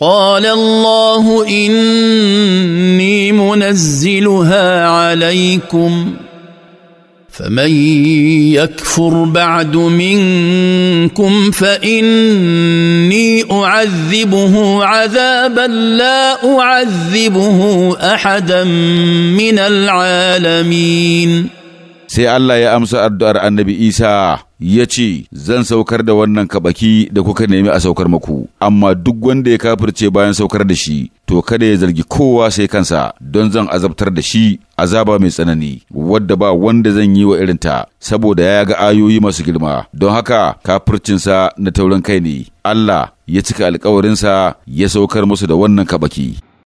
قال الله اني منزلها عليكم فمن يكفر بعد منكم فاني اعذبه عذابا لا اعذبه احدا من العالمين sai Allah ya amsa addu'ar annabi Isa ya ce, Zan saukar da wannan kabaki da kuka nemi a saukar maku, amma duk wanda ya kafirce bayan saukar da shi, to kada ya zargi kowa sai kansa don zan azabtar da shi azaba mai tsanani, wadda ba wanda zan yi wa irinta, saboda ya ga ayoyi masu girma, don haka kafircinsa na taurin kai ne, Allah ya cika alkawarinsa ya saukar musu da wannan kabaki.